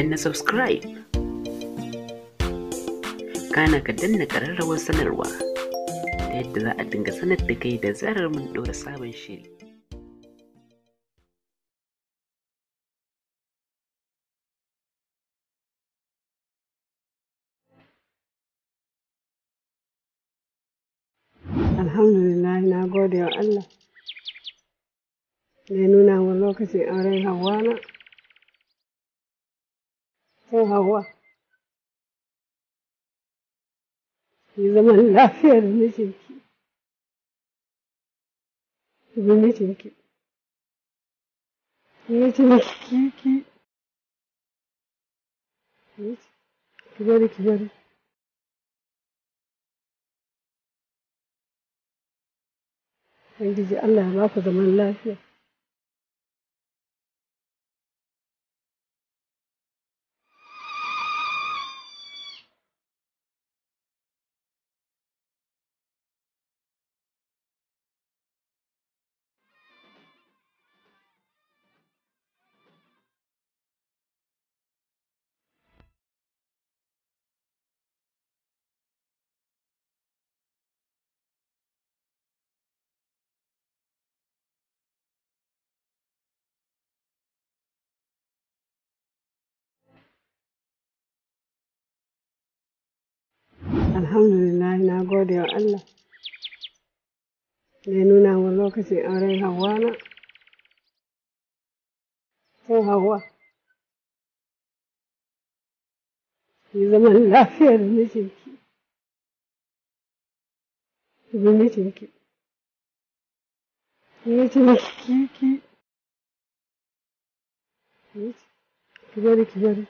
danna subscribe kana ka danna ƙararrawar sanarwa ta yadda za a dinga sanar da kai da zarar mun ɗora sabon shiri alhamdulillah na gode wa Allah da nuna wa lokacin auren hawa na sai hawa ki zaman lafiya da mijinki ki bi mijinki ki mijinki ki ki ki bari ki bari Ubangiji Allah ya ba ku zaman lafiya. alhamdulillah na gode wa Allah da ya nuna wa lokacin auren Hauwa na sai Hauwa. yi zaman lafiya da mijinki da mijinki mijinki ki ki ki bari ki bari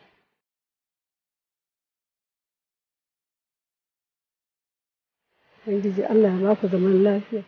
Ubangiji Allah ya ba ku zaman lafiya.